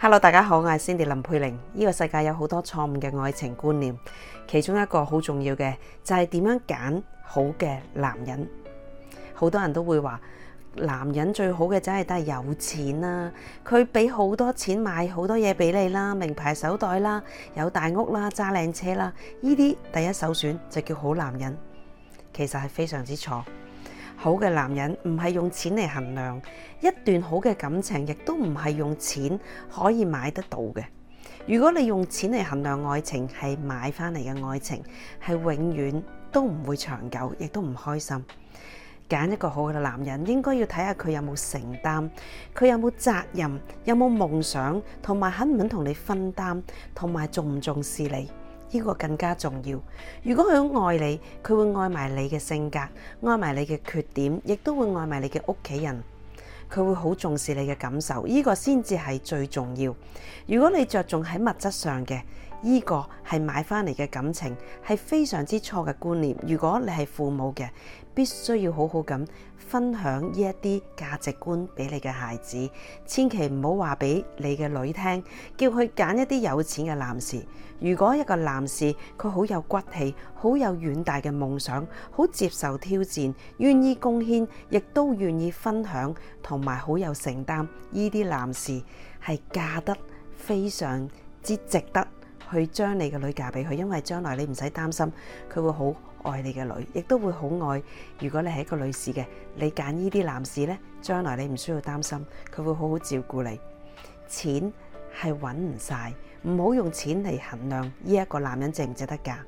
Hello，大家好，我係 Cindy 林佩玲。呢個世界有好多錯誤嘅愛情觀念，其中一個好重要嘅就係點樣揀好嘅男人。好多人都會話男人最好嘅就係有錢啦、啊，佢俾好多錢買好多嘢俾你啦、啊，名牌手袋啦、啊，有大屋啦、啊，揸靚車啦、啊，呢啲第一首選就叫好男人，其實係非常之錯。好嘅男人唔係用錢嚟衡量，一段好嘅感情亦都唔係用錢可以買得到嘅。如果你用錢嚟衡量愛情，係買翻嚟嘅愛情，係永遠都唔會長久，亦都唔開心。揀一個好嘅男人，應該要睇下佢有冇承擔，佢有冇責任，有冇夢想，同埋肯唔肯同你分擔，同埋重唔重視你。呢個更加重要。如果佢好愛你，佢會愛埋你嘅性格，愛埋你嘅缺點，亦都會愛埋你嘅屋企人。佢會好重視你嘅感受，呢個先至係最重要。如果你着重喺物質上嘅，呢個係買翻嚟嘅感情，係非常之錯嘅觀念。如果你係父母嘅，必須要好好咁分享呢一啲價值觀俾你嘅孩子，千祈唔好話俾你嘅女聽，叫佢揀一啲有錢嘅男士。如果一個男士佢好有骨氣、好有遠大嘅夢想、好接受挑戰、願意貢獻，亦都願意分享，同埋好有承擔，呢啲男士係嫁得非常之值得。去將你嘅女嫁俾佢，因為將來你唔使擔心，佢會好愛你嘅女，亦都會好愛。如果你係一個女士嘅，你揀呢啲男士呢，將來你唔需要擔心，佢會好好照顧你。錢係揾唔晒，唔好用錢嚟衡量呢一個男人值唔值得嫁。